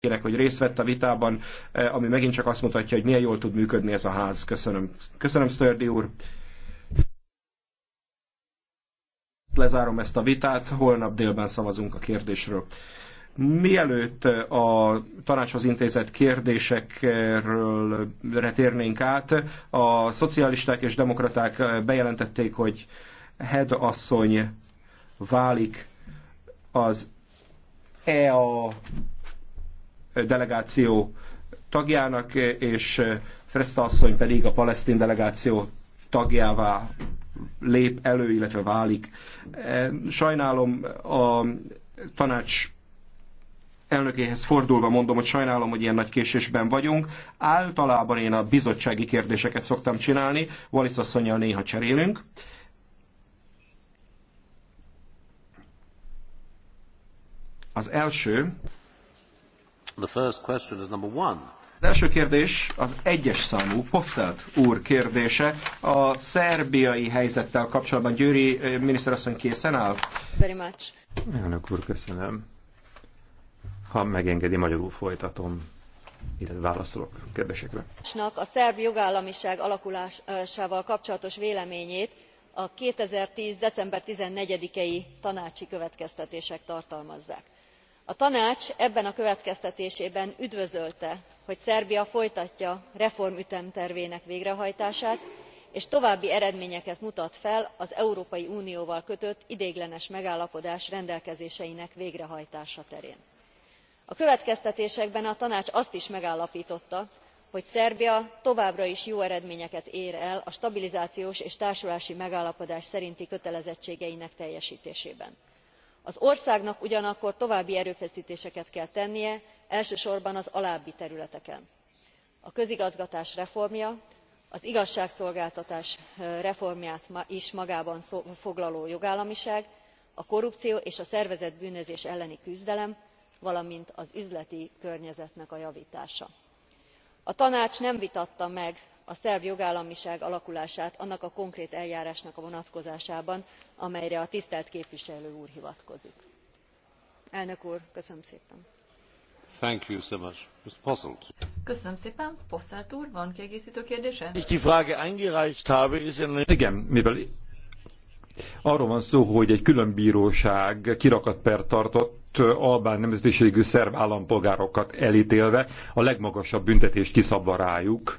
kérek, hogy részt vett a vitában, eh, ami megint csak azt mutatja, hogy milyen jól tud működni ez a ház. Köszönöm. Köszönöm, Sztördi úr. Lezárom ezt a vitát, holnap délben szavazunk a kérdésről. Mielőtt eh, a tanácshoz intézett kérdésekről térnénk át, a szocialisták és demokraták eh, bejelentették, hogy Head asszony válik az EA delegáció tagjának, és Fresta asszony pedig a palesztin delegáció tagjává lép elő, illetve válik. E, sajnálom a tanács elnökéhez fordulva mondom, hogy sajnálom, hogy ilyen nagy késésben vagyunk. Általában én a bizottsági kérdéseket szoktam csinálni, Wallis asszonyjal néha cserélünk. Az első az első kérdés az egyes számú Posselt úr kérdése. A szerbiai helyzettel kapcsolatban Győri asszony készen áll? Very much. Elnök úr, köszönöm. Ha megengedi, magyarul folytatom illetve válaszolok kérdésekre. a szerb jogállamiság alakulásával kapcsolatos véleményét a two thousand and ten december fourteen i tanácsi következtetések tartalmazzák a tanács ebben a következtetésében üdvözölte hogy szerbia folytatja reformütemtervének végrehajtását és további eredményeket mutat fel az európai unióval kötött ideiglenes megállapodás rendelkezéseinek végrehajtása terén. a következtetésekben a tanács azt is megállaptotta hogy szerbia továbbra is jó eredményeket ér el a stabilizációs és társulási megállapodás szerinti kötelezettségeinek teljestésében az országnak ugyanakkor további erőfesztéseket kell tennie elsősorban az alábbi területeken a közigazgatás reformja az igazságszolgáltatás reformját is magában foglaló jogállamiság a korrupció és a szervezett bűnözés elleni küzdelem valamint az üzleti környezetnek a javtása. a tanács nem vitatta meg a szerb jogállamiság alakulását annak a konkrét eljárásnak a vonatkozásában amelyre a tisztelt képviselő úr hivatkozik. elnök úr köszönöm szépen! Köszönöm szépen. Posselt úr, van kiegészítő kérdése? Igen, mivel arról van szó, hogy egy külön bíróság kirakat per tartott albán nemzetiségű szerb állampolgárokat elítélve, a legmagasabb büntetést kiszabva rájuk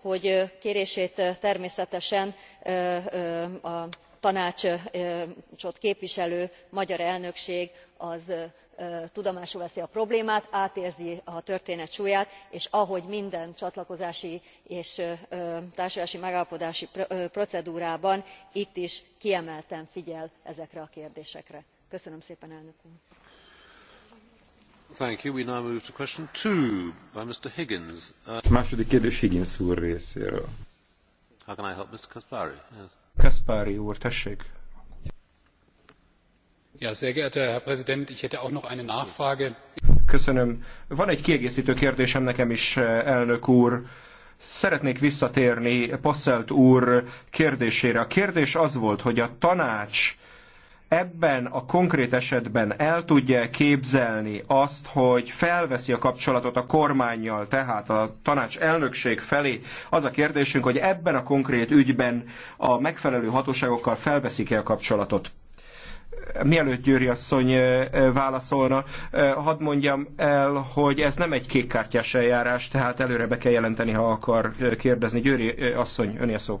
hogy kérését természetesen a tanácsot képviselő magyar elnökség tudomásul veszi a problémát átérzi a történet súlyát és ahogy minden csatlakozási és társulási megállapodási procedúrában itt is kiemelten figyel ezekre a kérdésekre. köszönöm szépen elnök úr! Uh, Második kérdés Higgins úr részéről. How can I help Mr. Kaspari? Yes. Kaspari úr, tessék. Ja, sehr geehrter Herr Präsident, ich hätte auch noch eine Nachfrage. Köszönöm. Van egy kiegészítő kérdésem nekem is, eh, elnök úr. Szeretnék visszatérni Posselt úr kérdésére. A kérdés az volt, hogy a tanács ebben a konkrét esetben el tudja képzelni azt, hogy felveszi a kapcsolatot a kormányjal, tehát a tanács elnökség felé, az a kérdésünk, hogy ebben a konkrét ügyben a megfelelő hatóságokkal felveszik-e a kapcsolatot? mielőtt Győri asszony válaszolna, hadd mondjam el, hogy ez nem egy kékkártyás eljárás, tehát előre be kell jelenteni, ha akar kérdezni. Győri asszony, öné a szó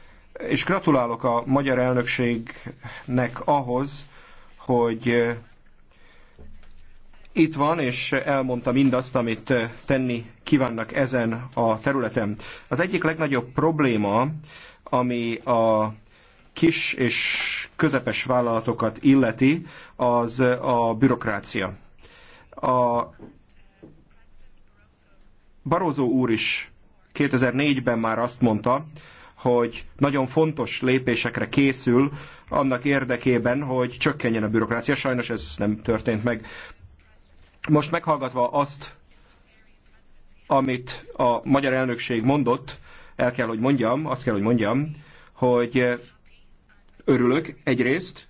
és gratulálok a magyar elnökségnek ahhoz, hogy eh, itt van, és elmondta mindazt, amit eh, tenni kívánnak ezen a területen. Az egyik legnagyobb probléma, ami a kis és közepes vállalatokat illeti, az eh, a bürokrácia. A Barózó úr is 2004-ben már azt mondta, hogy nagyon fontos lépésekre készül annak érdekében, hogy csökkenjen a bürokrácia. Sajnos ez nem történt meg. Most meghallgatva azt, amit a magyar elnökség mondott, el kell, hogy mondjam, azt kell, hogy mondjam, hogy örülök egyrészt,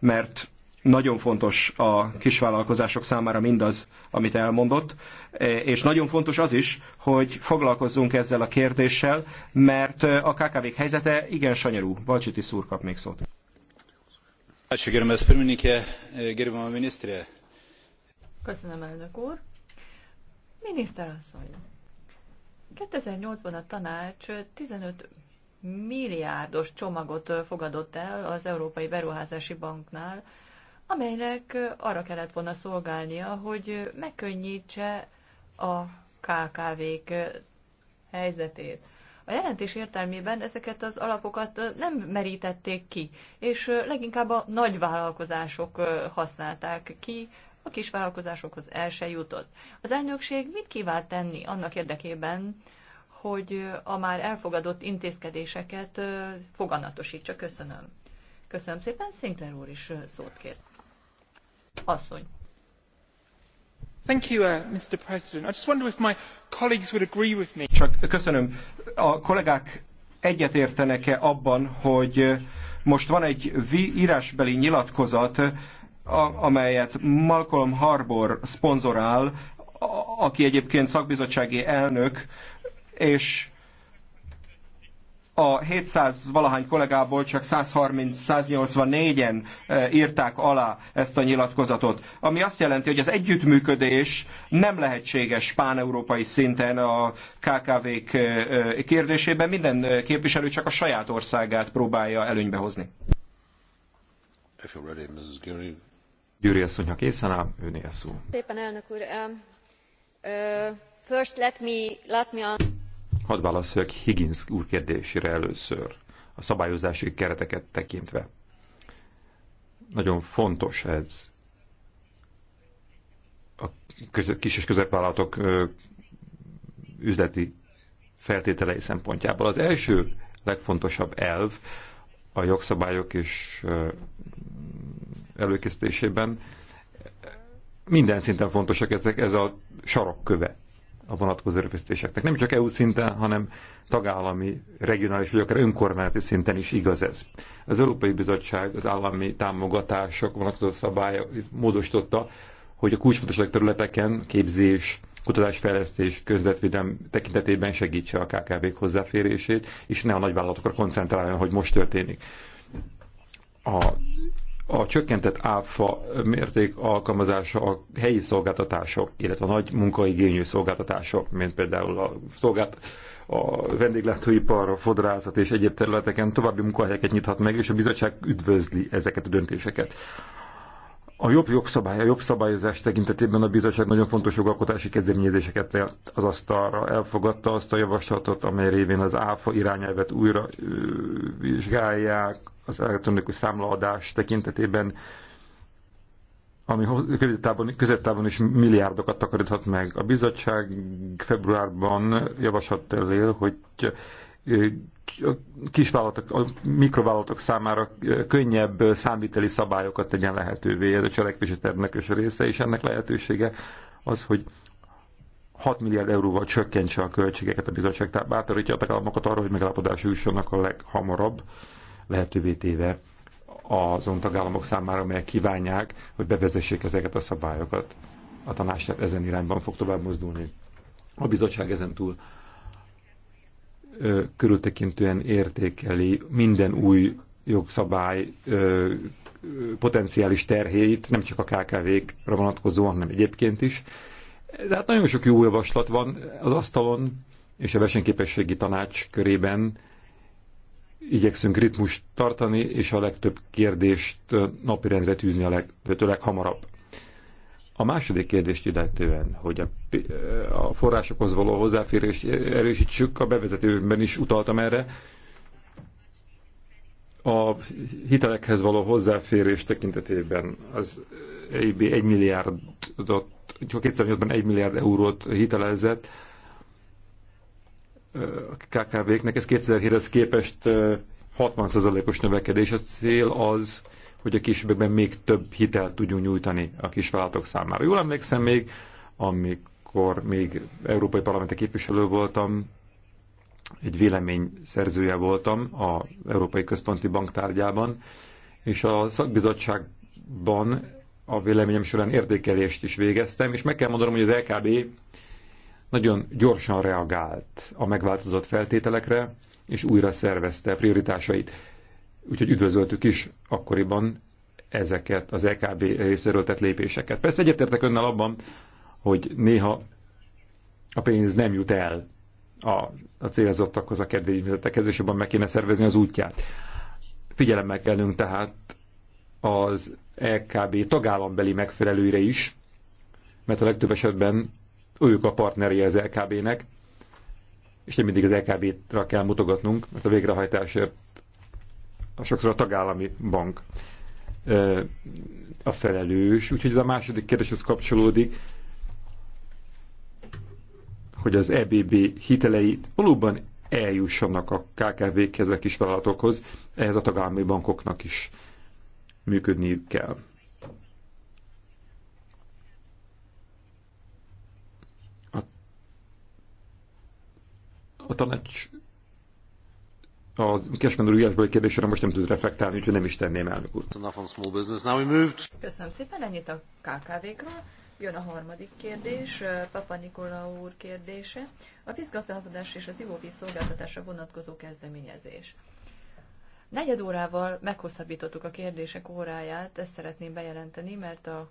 mert nagyon fontos a kisvállalkozások számára mindaz, amit elmondott. E, és nagyon fontos az is, hogy foglalkozzunk ezzel a kérdéssel, mert e, a kkv helyzete igen sanyarú. Valcsiti szúr kap még szót. E, Köszönöm, elnök úr. asszony, 2008-ban a tanács 15 milliárdos csomagot fogadott el az Európai Beruházási Banknál, amelynek arra kellett volna szolgálnia, hogy megkönnyítse a KKV-k helyzetét. A jelentés értelmében ezeket az alapokat nem merítették ki, és leginkább a nagyvállalkozások használták ki, a kisvállalkozásokhoz el se jutott. Az elnökség mit kíván tenni annak érdekében, hogy a már elfogadott intézkedéseket foganatosítsa? Köszönöm. Köszönöm szépen, Szinkler úr is szót kért. Asszony. Csak köszönöm. A kollégák egyetértenek-e abban, hogy uh, most van egy írásbeli nyilatkozat, uh, amelyet Malcolm Harbour szponzorál, aki egyébként szakbizottsági elnök, és a 700 valahány kollégából csak 130-184-en e, írták alá ezt a nyilatkozatot. Ami azt jelenti, hogy az együttműködés nem lehetséges páneurópai szinten a KKV-k e, e, kérdésében. Minden képviselő csak a saját országát próbálja előnybe hozni. Győri asszony, ha készen áll, szó. Szépen elnök úr. uh, first let me, let me Hadd válaszoljak Higgins úr kérdésére először, a szabályozási kereteket tekintve. Nagyon fontos ez. A kis és középvállalatok üzleti feltételei szempontjából. Az első legfontosabb elv a jogszabályok és előkészítésében minden szinten fontosak ezek, ez a sarokköve a vonatkozó erőfeszítéseknek. Nem csak EU szinten, hanem tagállami, regionális vagy akár önkormányzati szinten is igaz ez. Az Európai Bizottság az állami támogatások vonatkozó szabálya módosította, hogy a kulcsfontosság területeken képzés, kutatásfejlesztés, közvetvédelem tekintetében segítse a KKV-k hozzáférését, és ne a nagyvállalatokra koncentráljon, hogy most történik. A a csökkentett áfa mérték alkalmazása a helyi szolgáltatások, illetve a nagy munkaigényű szolgáltatások, mint például a, szolgált, a vendéglátóipar, a fodrászat és egyéb területeken további munkahelyeket nyithat meg, és a bizottság üdvözli ezeket a döntéseket. A jobb jogszabály, a jobb szabályozás tekintetében a bizottság nagyon fontos jogalkotási kezdeményezéseket az asztalra elfogadta azt a javaslatot, amely révén az ÁFA irányelvet újra vizsgálják, az elektronikus számlaadás tekintetében, ami középtávon, is milliárdokat takaríthat meg. A bizottság februárban javaslat elél, hogy a kisvállalatok, a mikrovállalatok számára könnyebb számviteli szabályokat tegyen lehetővé. Ez a cselekvési tervnek is része, és ennek lehetősége az, hogy 6 milliárd euróval csökkentse a költségeket a bizottság, tehát bátorítja a tagállamokat arra, hogy megállapodás jussonak a leghamarabb lehetővé téve azon tagállamok számára, amelyek kívánják, hogy bevezessék ezeket a szabályokat. A tanács ezen irányban fog tovább mozdulni. A bizottság ezen túl körültekintően értékeli minden új jogszabály ö, potenciális terhéit, nem csak a KKV-kra vonatkozóan, hanem egyébként is. De hát nagyon sok jó javaslat van az asztalon, és a versenyképességi tanács körében igyekszünk ritmust tartani, és a legtöbb kérdést napirendre tűzni a leg, hamarabb. A második kérdést illetően, hogy a, a forrásokhoz való hozzáférést erősítsük, a bevezetőben is utaltam erre, a hitelekhez való hozzáférés tekintetében az EIB 1 milliárdot, 2008-ban 1 milliárd eurót hitelezett, a KKV-knek, ez 2007-hez képest 60%-os növekedés. A cél az, hogy a kisebbekben még több hitelt tudjunk nyújtani a kisvállalatok számára. Jól emlékszem még, amikor még Európai Parlamenti képviselő voltam, egy vélemény szerzője voltam az Európai Központi Bank tárgyában, és a szakbizottságban a véleményem során értékelést is végeztem, és meg kell mondanom, hogy az LKB nagyon gyorsan reagált a megváltozott feltételekre, és újra szervezte prioritásait. Úgyhogy üdvözöltük is akkoriban ezeket az EKB részéről tett lépéseket. Persze egyetértek önnel abban, hogy néha a pénz nem jut el a, a célzottakhoz, a kedvényvezetekhez, és jobban meg kéne szervezni az útját. Figyelemmel kellünk tehát az EKB tagállambeli megfelelőire is, mert a legtöbb esetben ők a partneri az LKB-nek, és nem mindig az LKB-ra kell mutogatnunk, mert a végrehajtásért a sokszor a tagállami bank a felelős. Úgyhogy ez a második kérdéshez kapcsolódik, hogy az EBB hiteleit valóban eljussanak a KKV-khez, a kisvállalatokhoz, ehhez a tagállami bankoknak is működniük kell. tanács az Cashman úr írásbeli kérdésre most nem tud reflektálni, úgyhogy nem is tenném el. úr. Köszönöm szépen, ennyit a KKV-król. Jön a harmadik kérdés, Papa Nikola úr kérdése. A vízgazdálkodás és az ivóvíz szolgáltatásra vonatkozó kezdeményezés. Negyed órával meghosszabbítottuk a kérdések óráját, ezt szeretném bejelenteni, mert a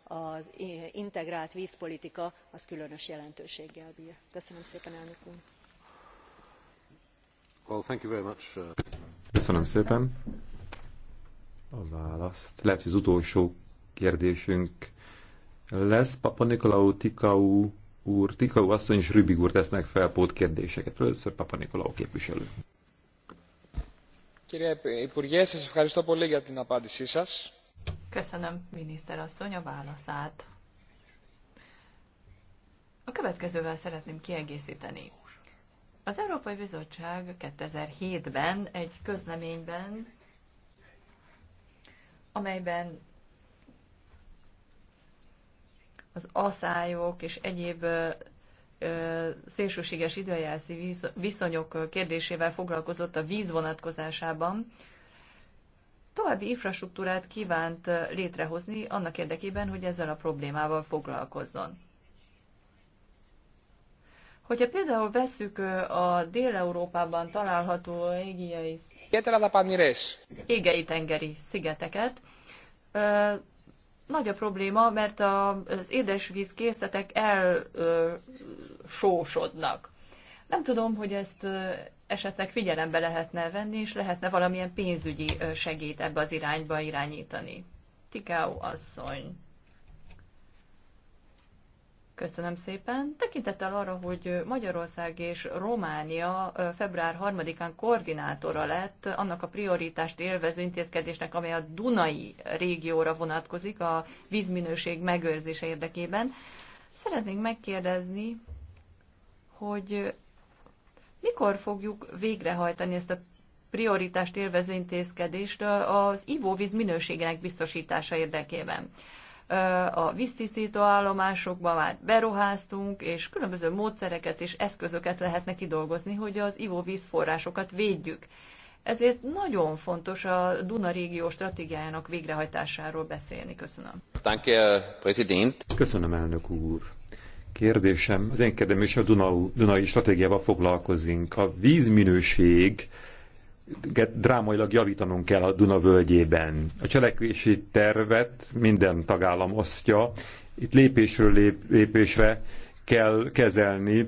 az integrált vzpolitika az különös jelentőséggel br. köszönöm szépen elnök úr! Uh, köszönöm szépen a választ. Lehet, hogy az utolsó kérdésünk lesz. Papa Nikolaou Tikau úr, Tikau asszony és Rübig úr tesznek fel pót kérdéseket. Először Papa Nikolaou képviselő. Kérje Υπουργέ, Köszönöm szépen. πολύ για Köszönöm, miniszter asszony, a válaszát. A következővel szeretném kiegészíteni. Az Európai Bizottság 2007-ben egy közleményben, amelyben az aszályok és egyéb szélsőséges időjelzi viszonyok kérdésével foglalkozott a víz vonatkozásában, további infrastruktúrát kívánt létrehozni annak érdekében, hogy ezzel a problémával foglalkozzon. Hogyha például veszük a Dél-Európában található égiai égei tengeri szigeteket, nagy a probléma, mert az édesvíz készletek elsósodnak. Nem tudom, hogy ezt esetleg figyelembe lehetne venni, és lehetne valamilyen pénzügyi segít ebbe az irányba irányítani. Tikau asszony. Köszönöm szépen. Tekintettel arra, hogy Magyarország és Románia február 3-án koordinátora lett annak a prioritást élvező intézkedésnek, amely a Dunai régióra vonatkozik a vízminőség megőrzése érdekében. Szeretnénk megkérdezni, hogy mikor fogjuk végrehajtani ezt a prioritást élvező intézkedést az ivóvíz minőségének biztosítása érdekében? a víztisztító állomásokban már beruháztunk, és különböző módszereket és eszközöket lehetne kidolgozni, hogy az ivóvíz forrásokat védjük. Ezért nagyon fontos a Duna régió stratégiájának végrehajtásáról beszélni. Köszönöm. Köszönöm, elnök úr kérdésem, az én kedvem is a Dunau, Dunai stratégiával foglalkozunk. A vízminőség drámailag javítanunk kell a Duna völgyében. A cselekvési tervet minden tagállam osztja, itt lépésről lép, lépésre kell kezelni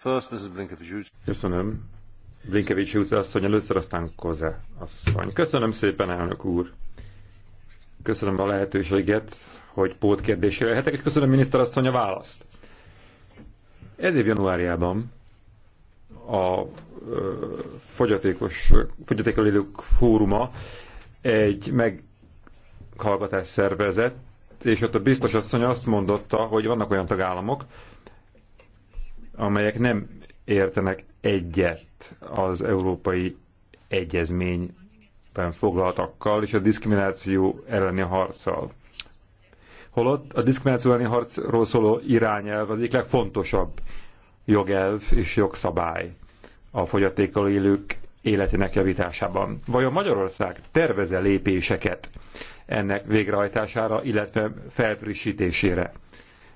First, Mrs. Blinkevics. Köszönöm. Blinkevics Júz asszony először, aztán Koze asszony. Köszönöm szépen, elnök úr. Köszönöm a lehetőséget, hogy pótkérdésre lehetek, és köszönöm miniszter asszony a választ. Ez év januárjában a fogyatékos, fogyatékkal élők fóruma egy meghallgatás szervezett, és ott a biztos asszony azt mondotta, hogy vannak olyan tagállamok, amelyek nem értenek egyet az európai egyezményben foglaltakkal és a diszkrimináció elleni harccal. Holott a diszkrimináció elleni harcról szóló irányelv az egyik legfontosabb jogelv és jogszabály a fogyatékkal élők életének javításában. Vajon Magyarország terveze lépéseket ennek végrehajtására, illetve felfrissítésére?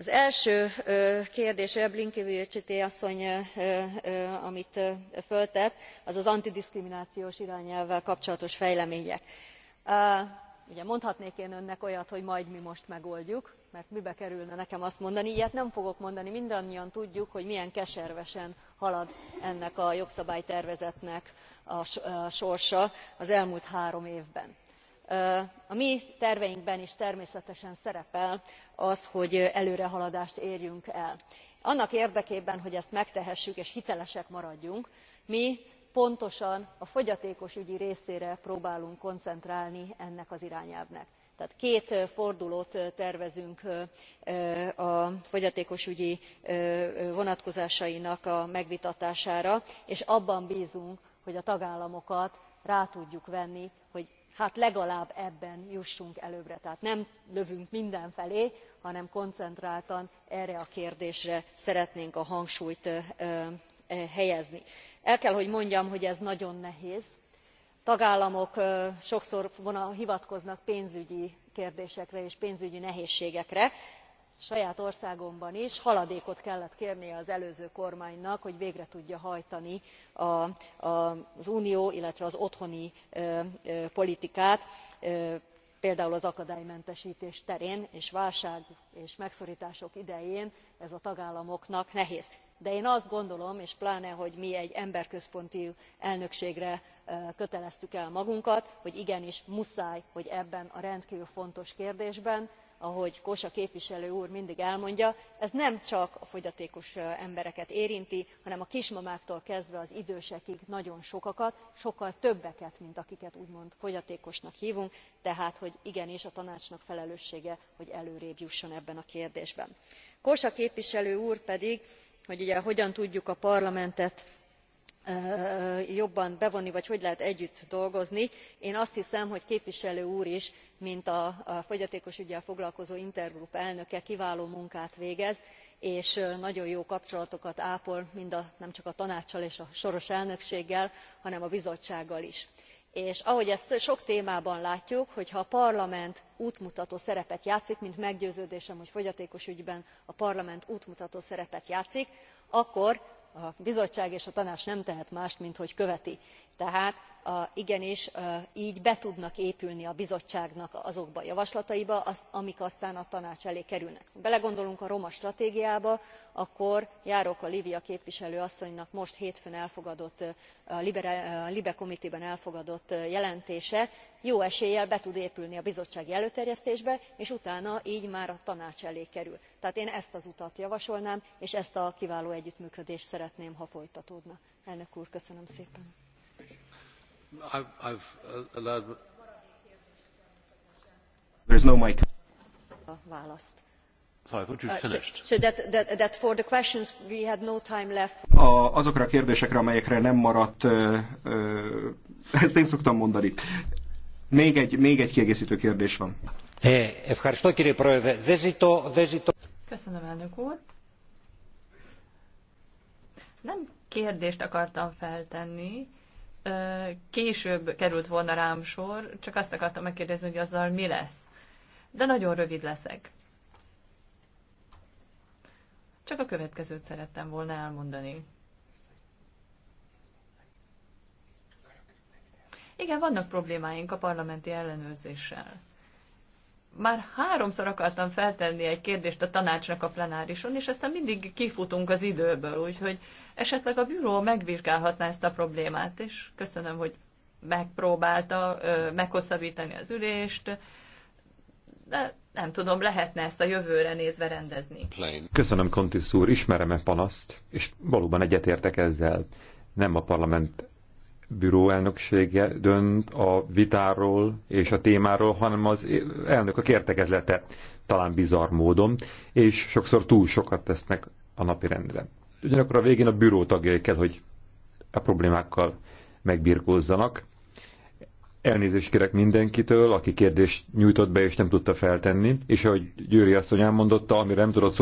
az első kérdése blinkeviité asszony amit föltett az az antidiszkriminációs irányelvvel kapcsolatos fejlemények. ugye mondhatnék én önnek olyat hogy majd mi most megoldjuk mert mibe kerülne nekem azt mondani ilyet nem fogok mondani mindannyian tudjuk hogy milyen keservesen halad ennek a jogszabálytervezetnek a sorsa az elmúlt három évben a mi terveinkben is természetesen szerepel az hogy előrehaladást érjünk el. annak érdekében hogy ezt megtehessük és hitelesek maradjunk mi pontosan a fogyatékosügyi részére próbálunk koncentrálni ennek az irányelvnek. tehát két fordulót tervezünk a fogyatékosügyi vonatkozásainak a megvitatására és abban bzunk hogy a tagállamokat rá tudjuk venni hogy hát legalább ebben jussunk előbbre tehát nem lövünk mindenfelé hanem koncentráltan erre a kérdésre szeretnénk a hangsúlyt helyezni. el kell hogy mondjam hogy ez nagyon nehéz tagállamok sokszor hivatkoznak pénzügyi kérdésekre és pénzügyi nehézségekre saját országomban is haladékot kellett kérnie az előző kormánynak hogy végre tudja hajtani az unió illetve az otthoni politikát például az akadálymentestés terén és válság és megszortások idején ez a tagállamoknak nehéz. de én azt gondolom és pláne hogy mi egy emberközpontú elnökségre köteleztük el magunkat hogy igenis muszáj hogy ebben a rendkvül fontos kérdésben ahogy kósa képviselő úr mindig elmondja ez nem csak a fogyatékos embereket érinti hanem a kismamáktól kezdve az idősekig nagyon sokakat sokkal többeket mint akiket úgymond fogyatékosnak hvunk tehát hogy igenis a tanácsnak felelőssége hogy előrébb jusson ebben a kérdésben. kósa képviselő úr pedig hogy ugye hogyan tudjuk a parlamentet jobban bevonni vagy hogy lehet együtt dolgozni én azt hiszem hogy képviselő úr is mint a fogyatékos üggyel foglalkozó intergroup elnöke kiváló munkát végez és nagyon jó kapcsolatokat ápol nemcsak a tanáccsal és a soros elnökséggel hanem a bizottsággal is és ahogy ezt sok témában látjuk hogyha a parlament útmutató szerepet játszik mint meggyőződésem hogy ügyben a parlament útmutató szerepet játszik akkor a bizottság és a tanács nem tehet mást minthogy követi tehát igenis gy be tudnak épülni a bizottságnak azokba a javaslataiba amik aztán a tanács elé kerülnek. ha belegondolunk a romastratégiába akkor járóka lvia képviselő asszonynak most hétfőn elfogadott a libe committében elfogadott jelentése jó eséllyel be tud épülni a bizottsági előterjesztésbe és utána gy már a tanács elé kerül. tehát én ezt az utat javasolnám és ezt a kiváló együttműködést szeretném ha folytatódna. elnök úr köszönöm szépen! Uh, allowed... no mic. azokra a kérdésekre, amelyekre nem maradt, ö, ezt én szoktam mondani. Még egy, még egy kiegészítő kérdés van. Eh, Köszönöm, elnök úr. Nem kérdést akartam feltenni, később került volna rám sor, csak azt akartam megkérdezni, hogy azzal mi lesz. De nagyon rövid leszek. Csak a következőt szerettem volna elmondani. Igen, vannak problémáink a parlamenti ellenőrzéssel már háromszor akartam feltenni egy kérdést a tanácsnak a plenárison, és aztán mindig kifutunk az időből, úgyhogy esetleg a bűró megvizsgálhatná ezt a problémát, és köszönöm, hogy megpróbálta ö, meghosszabbítani az ülést, de nem tudom, lehetne ezt a jövőre nézve rendezni. Köszönöm, Kontis úr, ismerem-e panaszt, és valóban egyetértek ezzel. Nem a parlament büró elnöksége dönt a vitáról és a témáról, hanem az elnök a kértekezlete talán bizarr módon, és sokszor túl sokat tesznek a napi rendre. Ugyanakkor a végén a büró tagjai kell, hogy a problémákkal megbirkózzanak. Elnézést kérek mindenkitől, aki kérdést nyújtott be és nem tudta feltenni, és ahogy Győri asszony elmondotta, amire nem tudott szóba